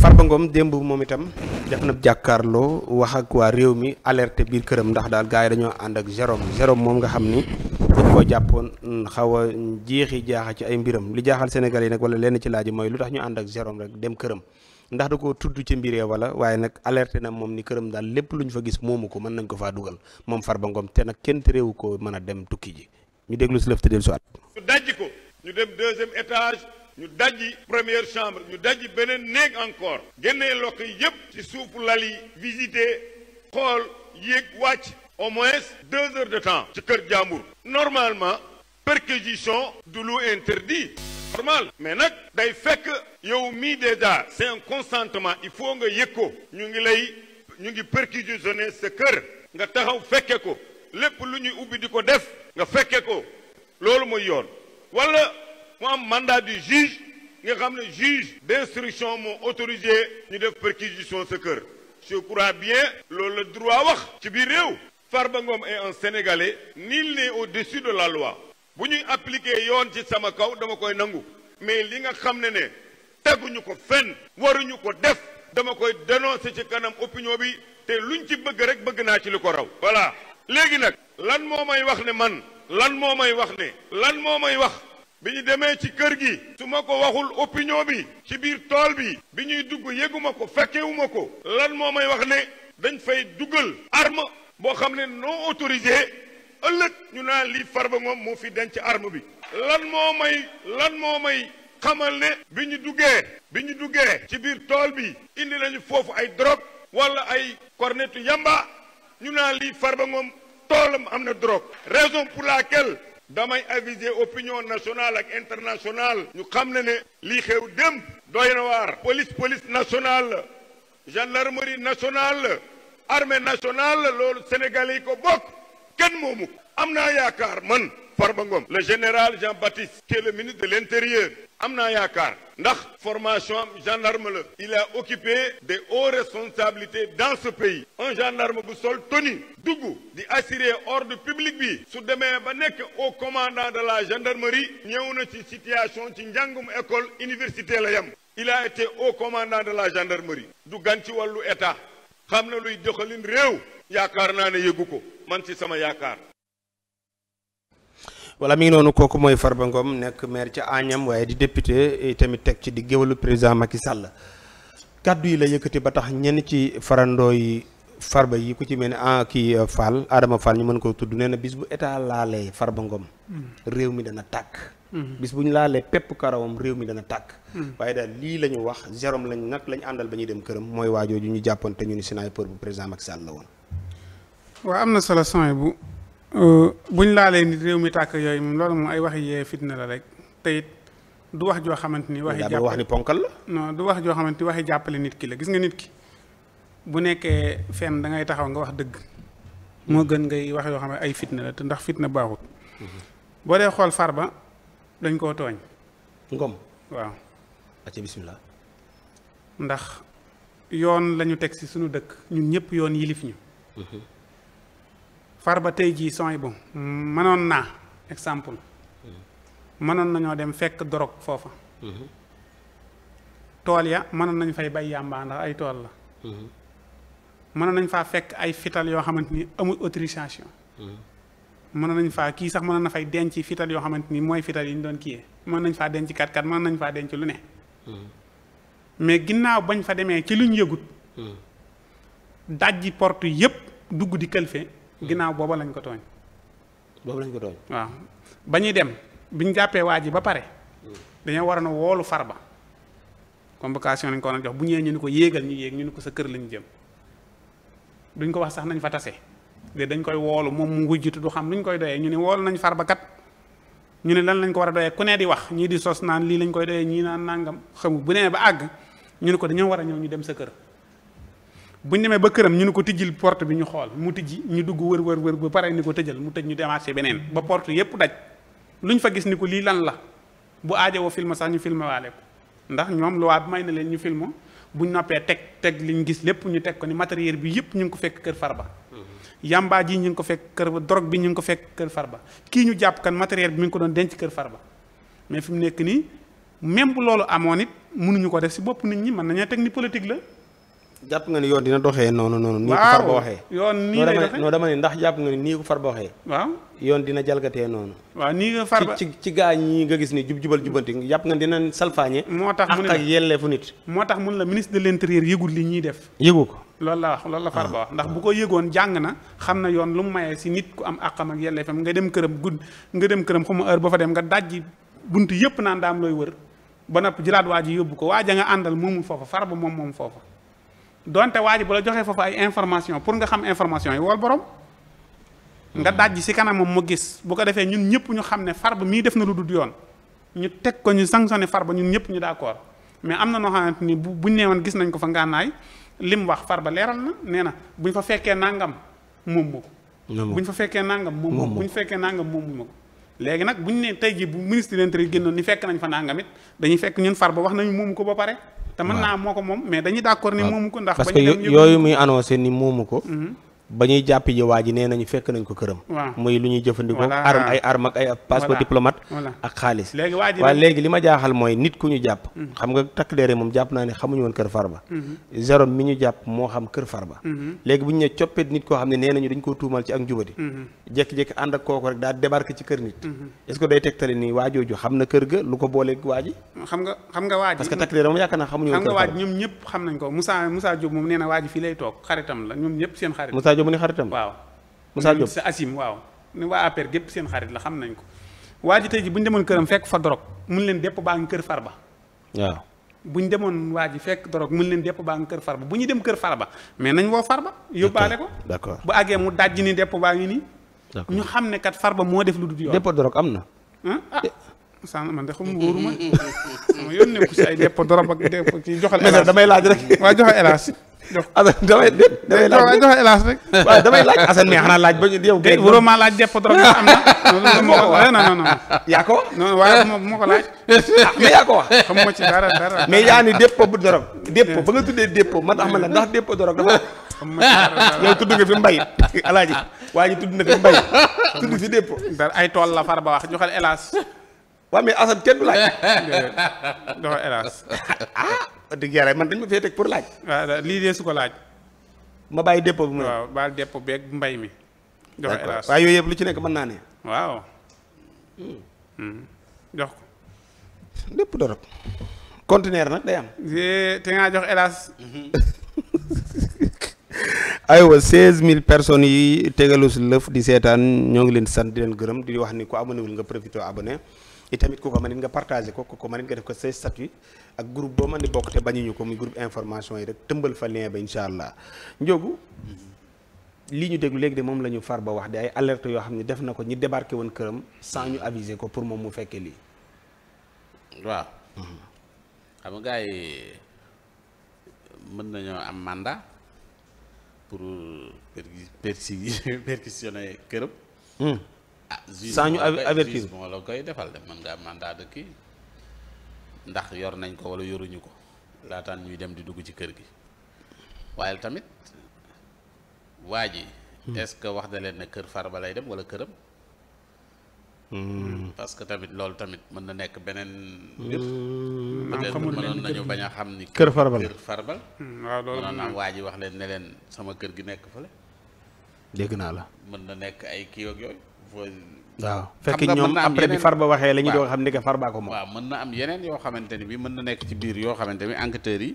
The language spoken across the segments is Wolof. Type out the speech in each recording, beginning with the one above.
Farba Ngom démb moom itam def na jàkkaarloo wax ak waa réew mi alerte biir këram ndax daal gars yi dañoo ànd ak Jérôme Jérôme moom nga xam ni koo jàppoon xaw a jeexi jaaxa ci ay mbiram li jaaxal Sénégal yi nag wala lenn ci laaj mooy lu tax ñu ànd ak Jérôme rek dem këram ndax da koo tudd ci mbiree wala waaye nag alerte na moom ni këram daal lépp lu ñu fa gis moomu ko mën nañ ko faa dugal moom Farba Ngom te nag kenn réewu ko mën a dem tukki ji ñu déglu si lëf te del su at ñu dajji première chambre ñu dajji beneen néeg encore génnee lokk yépp ci suufu lal yi visiter xool yéeg wàcc au moins deux heures de temps ci kër jàmbur normalement perquisition du lu interdit normal mais nag day fekk yow mi déjà c'est un consentement il faut nga yëg ko ñu ngi lay ñu ngi perquisitionner sa kër nga taxaw fekke ko lépp lu ñuy ubbi di ko def nga fekke ko loolu mooy yoon wala mu am mandat du juge nga xam ne juge d'instruction moo autorisé ñu def perquisition sa kër je crois bien loolu la droit wax ci biir réew Farba Ngom est en Sénégalais nul n'est au-dessus de la loi bu ñuy appliquer yoon ci sama kaw dama koy nangu mais li nga xam ne ne teguñu ko fenn waruñu ko def dama koy dénoncer ci kanam opinion bi te lu luñ ci bëgg rek bëgg naa ci li ko raw voilà léegi nag lan moo may wax ne man lan moo may wax ne lan moo may wax bi ñu demee ci kër gi su ma ko waxul opinion bi ci biir tool bi bi ñuy dugg yéguma ko fekkewuma ko lan moo may wax ne dañ fay dugal arme boo xam ne non autorisé ëllëg ñu naan lii Farba Ngom moo fi denc arme bi lan moo may lan moo may xamal ne bi ñu duggee bi ñu duggee ci biir tool bi indi nañu foofu ay drogue wala ay cornetu yamba ñu naa lii Farba Ngom toolam am na drogue raison pour damay aviser opinion nationale ak internationale ñu xam ne ne lii xew dem doy na waar police police nationale la gendarmerie nationale la armée nationale la loolu yi ko bokk kenn moomu am naa yaakaar man Farba Ngom le général Jean-Baptiste qui est le ministre de l'intérieur am naa yaakaar ndax formation am gendarme la il a occupé des hautes responsabilités dans ce pays un gendarme bu sol tenue dugg di assurer ordre public bi su demee ba nekk au commandant de la gendarmerie ñëw na ci situation ci njàngum école université la yem il a été au commandant de la gendarmerie du gan ci wàllu état xam na luy doxalin réew yaakaar naa ne yëgu ko man ci sama yaakaar. voilà mi ngi noonu kooku mooy Farba Ngom nekk maire ca Agnam waaye di député eh, tamit teg ci di géwalu président Macky la kàddu yi la yëkkati ba tax ñenn ci farandoo yi Farba yi ku ci mel ni ah kii eh, Fall Adama Fall ñu mën koo tudd nee na bis bu état laalee Farba Ngom. Mm. réew mi dana tàkk. Mm. bis bu ñu laalee pepp karawam réew mi dana tàkk. Mm. waaye daal lii la ñu wax Jérôme lañ nag lañ àndal ba ñuy dem këram mooy waajooju ñu jàppoon te ñu ni sniper bu président Macky Sall la woon. waa am na solo sony bu euh, buñ laalee nit réew mi tàkk yooyu moom loolu moom ay waxi yee fitna la rek te du wax joo xamante ni waxi wax ni ponkal du wax joo xamante ni waxi jàppale nit ki la gis nga nit ki bu nekkee fenn da ngay taxaw nga wax dëgg moo gën ngay wax yoo xam ne ay fitna la te ndax fitna baaxut mhm. boo dee xool Farba dañ koo tooñ ngom waaw ndax yoon lañu teg ci suñu dëkk ñun ñëpp yoon yilif ñu mhm. far ba tey jii sony bu mënoon naa exemple mm-hmm. mënoon nañoo dem fekk dorog foofa mm-hmm. tool ya mënoon nañ fay bay yàmbaa ndax ay tool la mm-hmm. mënoon nañ faa fekk ay fital yoo xamante ni amul autorisation mënoon nañu faa kii sax mënoon na fay denc fital yoo xamante ni mooy fital yi ñu doon kiyee mënoon nañ faa denc kat kat mënoon nañ faa denc lu ne mais ginnaaw bañ fa demee ci luñ yëgut dajji porte yépp dugg di këlfe ginnaaw booba lañ ko tooñ. boobu lañ ko tooñ. waaw ba ñuy dem bi ñu jàppee waa ji ba pare. dañoo war a na woolu ba convocation lañ ko war a jox bu ñëwee ñu ni ko yéegal ñu yéeg ñu ni ko sa kër lañ jëm duñ ko wax sax nañ fa tase de dañ koy woolu moom mu ngi jiitu du xam luñ koy doyee ñu ne woolu nañ ba kat ñu ne lan lañ ko war a doyee ku ne di wax ñii di sos naan lii lañ koy doyee ñii naan nangam xamu bu nee ba àgg ñu ne ko dañoo war a ñëw ñu dem sa kër. buñ demee ba këram ñu ne ko tijjil porte bi ñu xool mu tijji ñu dugg wër wër wër ba pare ni ko tëjal mu tëj ñu démarché beneen ba porte yépp daj luñ fa gis ni ko lii lan la bu aajowoo film sax ñu filmé ndax ñoom loi may na leen ñu film buñ noppee teg teg liñ gis lépp ñu teg ko ni matériel bi yépp ñu ngi ko fekk kër Farba yamba ji ñu ngi ko fekk kër drogue bi ñu ngi ko fekk kër Farba kii ñu jàpp kan matériel bi mi ngi ko doon denc kër Farba mais fi mu nekk nii même bu loolu amoon it mënuñu ko def si bopp nit ñi mën nañoo teg ni politique la jàpp nga ni yoon dina doxee noonu noonu. nii ko far ba waxee yoon nii lay doxee non dama ne ndax jàpp nga ni nii ko far ba waxee. waaw yoon dina jalgatee noonu. waaw nii nga far ba ci ci gaa ñi nga gis ni jub jubal jubanti jàpp nga dinañ salfaañe. moo tax mu ne ak yelleefu nit. moo tax mun la ministre de l'intérieur yëgul li ñuy def. yëgu ko loolu la wax loolu la far ba ah. wax ndax bu ko yëgoon jàng na xam na yoon lu mu mayee si nit ku am àqam ak yelleefam nga dem këram gudd nga dem këram xuma heure ba fa dem nga dajji bunt yëpp naan daam looy wër ba nopp jëlaat waa ji yóbbu ko waa ja nga àndal moomu foofa far ba moom moom foofa donte waa ji bu la joxee foofu ay information pour nga xam information yi wol borom nga dajji si kanamam mu gis bu ko defee ñun ñëpp ñu xam ne ba mii def na lu dul yoon ñu teg ko ñu sanctionné Farba ñun ñëpp ñu d'accord mais am na noo xamante ni bu buñ nee woon gis nañ ko fa ngànnaay lim wax Farba leeral na nee na ñu fa fekkee nangam moom moo bu ñu fa fekkee nangam moom moo ko buñ fekkee nangam moom moo ko léegi nag bu ñu nee tey jii bu ministre de l'Intérieur génnoon ni fekk nañ fa nàngamit dañuy fekk ñun far ba wax nañu moom ko ba pare te mën naa moo ko moom mais dañuy d'accord ni moomu ko ndax yooyu muy annoncé ni moomu ko mm-hmm. ba ñuy jàppi ji waa ji nee nañu fekk nañ ko këram muy lu ñuy jëfandikoo arme ay arme ak ay passeport diplomate ak xaalis waaye léegi li ma jaaxal mooy nit ku ñu jàpp hmm. xam nga takk deere moom jàpp naa ne xamuñu woon kër Farba Jérôme hmm. mi ñu jàpp moo xam kër Farba hmm. léegi bu ñu koo xam ne nee nañu dañ koo tuumal ci ak njubadi jékki-jékki ànd ak kooku rek daa débarqué ci kër ga lu ko booleeg waa ji xam nga xam nga waa parce que takk deere moom yaakaar naa xamuñu woon kër Farba ñoom ñëpp xam moom nee na fii lay toog Dia mu ne xaritam. waaw Moussa Diop sa Asim waaw. ni waa APR gépp seen xarit la xam nañ ko. waa ji tey ji bu ñu demoon këram fekk fa dorog mun leen dépp baa ngi kër Farba. waaw bu ñu demoon waa ji fekk dorog mun leen dépp baa ngi kër Farba bu ñu dem kër Farba mais nañ woo Farba. yóbbaale ko d'accord bu àggee mu dajji ni dépp baa ngi nii. ñu xam ne kat Farba moo def lu dul yoon. dépp dorog am na. ah Moussa man de xam wóoruma sama yoon nekku si ay dépp dorog ak dépp kii joxal. damay laaj rek waa joxal hélas damay damay laaj waaw joxe hélas damay laaj Assane mais xanaa laaj ba ñu yow. tey waroo maa laaj jàpp trop am na. loolu moo ko wax non non non. yaa ko wax. non waaye moo ko laaj. mais yaa ko wax. xam nga ci dara dara. mais bu dorog. dépôt ba nga tuddee dépôt man ma la ndax dépôt dorog dafa. yow tudd nga fi mbay alaaji waa ji fi mbay tudd fi dépôt. dara ay tool la far ba wax joxal hélas waa mais Assane kenn laaj. dox hélas. ah dëgg yàlla man dañ ma fee teg pour laaj. waaw lii dee su ko laaj. ma bàyyi dépôt bi mu ne. waaw baal mbay mi. dox hélas waaye yooyu yëpp lu ci nekk mën naa ne. waaw. Hmm. Hmm. jox ko. lépp dorop conteneur nag day am. te ngaa jox hélas. Hmm. aywa seize mille personnes yi tegalu si lëf di seetaan ñoo ngi leen di sant di leen gërëm di wax ni ku abonné wul nga profité abonné i tamit ku ko mën it nga partagé ko ko ko mën it nga def ko say statut ak groupe boo mën di bokk te bañuñu ko muy groupe information yi rek tëmbal fa lien ba incha allah njóogu lii ñu déglu léegi de moom la ñu far ba wax de ay alerte yoo xam ne def na ko ñi débarqué woon këram sans ñu aviser ko pour moom mu fekkee lii waaw xam nga mën nañoo am mandat pour euh, perquisitionner perquisitionner këram. Hmm. ah juge sans ñu avertir moo la koy defal de mën ngaa mandat de ndax yor nañ ko wala yoruñu ko laataan ñuy dem di dugg ci kër gi waaye tamit waa ji. Hmm. est-ce wax na leen ne kër Farba lay dem wala këram. Mm. parce que tamit loolu tamit mën na nekk beneen. Mm. peut-être mënoon nañu bañ a xam ni. kër farbal kër farbal. Mm, mënoon naa waa ji wax leen ne leen sama kër gi nekk fële. dégg naa la. mën na nekk ay kii ak yooyu. waaw fekk ñoom après waxee la ñu doon xam ni que farbaa ko moom. waaw mën na am yeneen yoo xamante ni bi mën na nekk ci biir yoo xamante ni enquêteurs yi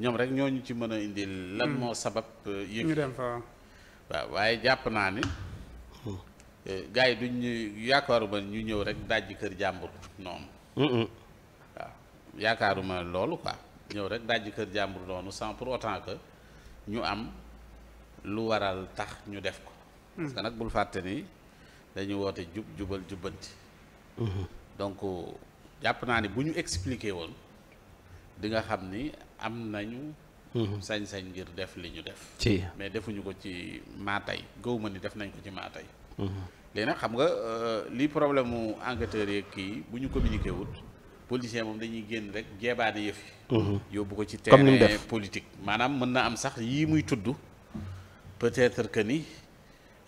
ñoom rek ñooñu ci mën a indil. lan moo sabab euh, yëg. ñu waaye jàpp naa ni. gars yi duñ ñu yaakaaruma ñu ñëw rek dajji kër jàmbur noonu. waaw yaakaaruma loolu quoi ñëw rek dajji kër jàmbur noonu sans pour autant que ñu am lu waral tax ñu def ko. parce nag bul fàtte ni dañu woote jub jubal jubanti mm-hmm. donc jàpp naa ni bu ñu expliquer woon dinga xam ni am nañu. Mm-hmm. sañ-sañ ngir def li ñu def. mais defuñu ko ci maatay gëw ma ni def nañ ko ci maatay. léegi nag xam nga euh, li problème mu enquêteurs yeeg kii bu ñu communiqué wut policier moom dañuy génn rek jeebaane yëf yi. Mhm. yóbbu ko ci terrain politique maanaam mën na am sax yii muy tudd peut-être que ni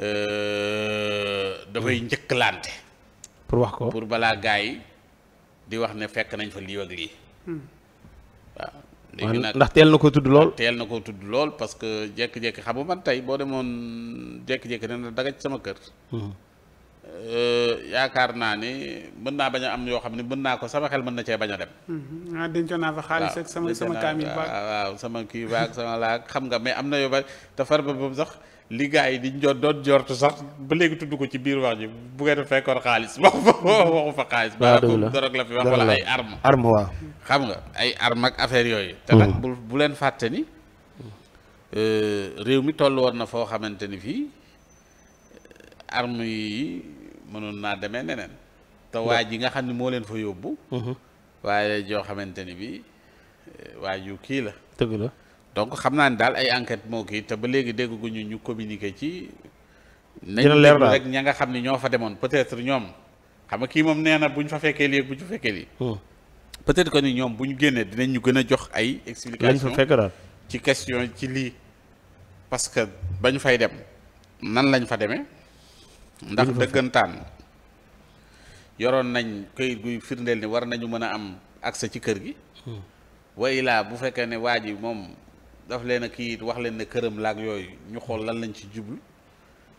euh, dafay njëkkalante. pour wax ko pour balaa gars yi di wax ne fekk nañ fa lii ak lii. Hmm. léegi nag ndax teel na koo tudd lool teel na koo tudd lool parce que jékki-jékki xam nga man tey boo demoon jékki-jékki dana dagaj sama kër. Hmm. Euh, yaakaar naa ni mën naa bañ a am yoo xam ne mën naa ko sama xel mën na cee bañ a dem. Hmm. ah dencoon naa fa xaalis ak sama sama kaamil baag waaw sama kii baag sama laag xam nga mais am na yoo bari te far ba sax. li yi di jo doon jortu sax ba léegi tudd ko ci biir wax ji bu ngeen fekkoon xaalis waxu fa waxu fa xaalis. waaw dëgg dorog la fi wax wala ay arme arme waaw. xam nga ay arme ak affaire yooyu. te hmm. nag bu bu leen fàtte ni euh, réew mi toll woon na foo xamante ni fii euh, arme yi mënoon naa deme neneen. te hmm. waa ji nga xam ne moo leen fa yóbbu. Hmm. waaye joo xamante ni bii euh, waa ju kii la. dëgg la. donc xam naa ne daal ay enquête moo kii te ba léegi dégguñu ñu communiqué ci. dina leer daal ña nga xam ne ñoo fa demoon peut-être ñoom xam nga kii moom nee na bu ñu fa fekkee lii bu ñu fekkee lii. Hmm. peut-être que ni ñoom bu ñu génnee dinañ ñu gën a jox ay. explication ci question ci lii. parce que bañ fay dem nan lañ fa demee. ndax dëggantaan yoroon nañ këyit guy firndeel ni war nañu mën a am accès ci kër gi. Hmm. wa bu fekkee ne waa ji moom daf leen a kii wax leen ne këram laak yooyu ñu xool lan lañ ci jublu.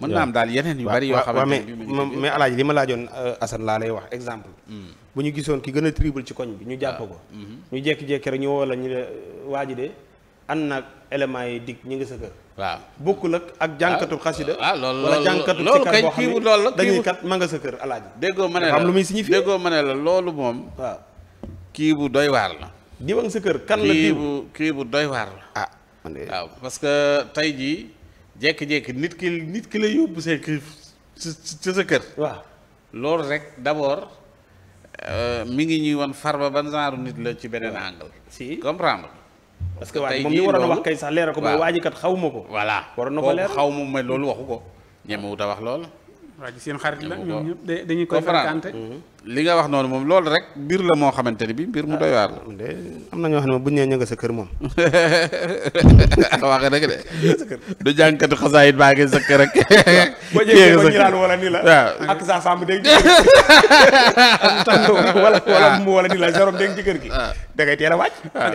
mën naa am daal yeneen yu bari yoo xamante ne mais mais alaaji li ma laajoon euh, Assane laa lay wax exemple. Hmm. bu ñu gisoon ki gën a tribal ci koñ bi ñu jàpp ah, ko. Hmm. ñu jékki-jékki rek ñu woo la ñu ne waa ji de ànd naag éléments yi dikk ñu ngi sa kër. waaw bokkul ak ak jànkatu ah, xasida. waaw ah, loolu loolu loolu loolu kay kii bu loolu la dañuy ma nga sa kër alaaji. déggoo ma ne lu muy signifié déggoo ma ne la loolu moom. kii bu doy waar la. diw sa kër kan la diw bu kii bu doy waar la ah, waaw parce que tey jii jékki nit ki nit ki la yóbbu see kii ci sa kër waaw loolu rek d'abord euh, mi ngi ñuy far farba ban genre nit la ci beneen angle si comprendre parce que waaye moom li waroon a wax kay sax leeral ko mooy waa ji kat xaw ma ko voilà waroon na ko leer xaw ma mooy loolu waxu ko ñemewut a wax loolu waa ji seen xarit la ñoom ñëpp dañuy koy fréquenté mhm. li nga wax noonu moom loolu rek mbir la moo xamante ni bi mbir mu doy waar la. Ah, am na ñoo xam ne bu ñu nee ña nga sa kër moom. waxee rek du jànkati xasaayit baa ngi sa kër la. sa sàmm dégg wala wala mu wala ci kër gi. da ngay teel a wàcc. Ah. Ah.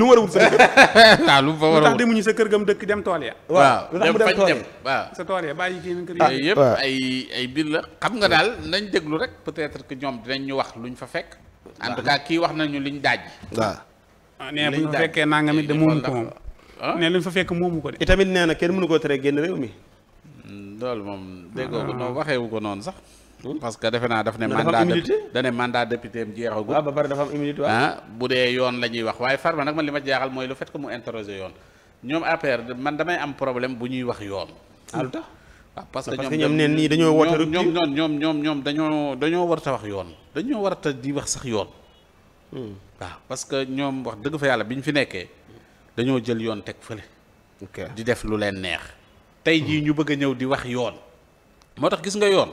mu war sa kër. waaw lu mu fa war a wut sa kër gam dëkk dem tool ya. waaw dem fañ dem waaw sa tool ya bàyyi kii kër yi yëpp ay ay mbir la xam nga daal nañ déglu rek peut-être que ñoom dinañ ñu wax luñ fa fekk. en tout cas kii wax nañu liñ daaj. waaw ah, nee bu ñu fekkee nangam it de moomu ko moom. Ah? ne luñ fa fekk moomu ko de. itamit nee na kenn mënu koo tere génn réew mi. Hmm, loolu moom déggoo ko ah. noonu waxeewu ko noonu sax. Hmm? parce que defe naa daf ne. mandat da ne mandat député am jeexagul. waaw ba pare dafa am immunité bu dee yoon la ñuy wax waaye farma nag ma li ma jaaxal mooy le fait que mu interroger yoon ñoom APR man damay am problème bu ñuy wax yoon. Ah, parce que ñoom neen nii dañoo woote rek ñoom ñoom ñoom ñoom dañoo dañoo war a wax yoon dañoo war a di wax sax yoon hmm. waaw parce que ñoom wax dëgg fa yàlla bi ñu fi nekkee dañoo jël yoon teg fële di def lu leen neex tey jii ñu bëgg a ñëw di wax yoon moo tax gis nga yoon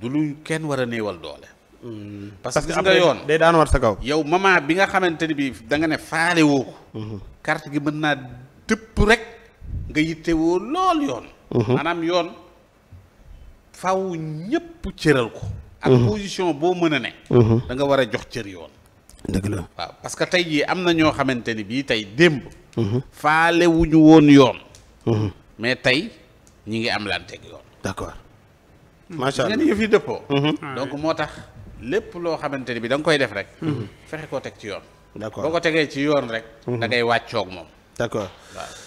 du lu kenn war a néewal doole hmm. parce que gis nga yoon day daan war sa kaw yow moment bi nga xamante ni bii da nga ne faale woo ko hmm. gi mën naa dëpp rek nga yitte woo lool yoon maanaam yoon faw ñëpp cëral ko. ak mhm. position boo mën a ne. Mhm. da nga war a jox cër yoon. dëgg la waaw parce que tey jii am na ñoo xamante ni bii tey démb. Mhm. faale wu woon yoon. mais tey ñi ngi am lanteeg yoon. d'accord hmm. macha allah ngeen yëf dëppoo. donc moo tax lépp loo xamante ni bii da koy def rek. fexe koo teg ci yoon. d'accord boo ko tegee ci yoon rek. da ngay moom. d'accord waaw.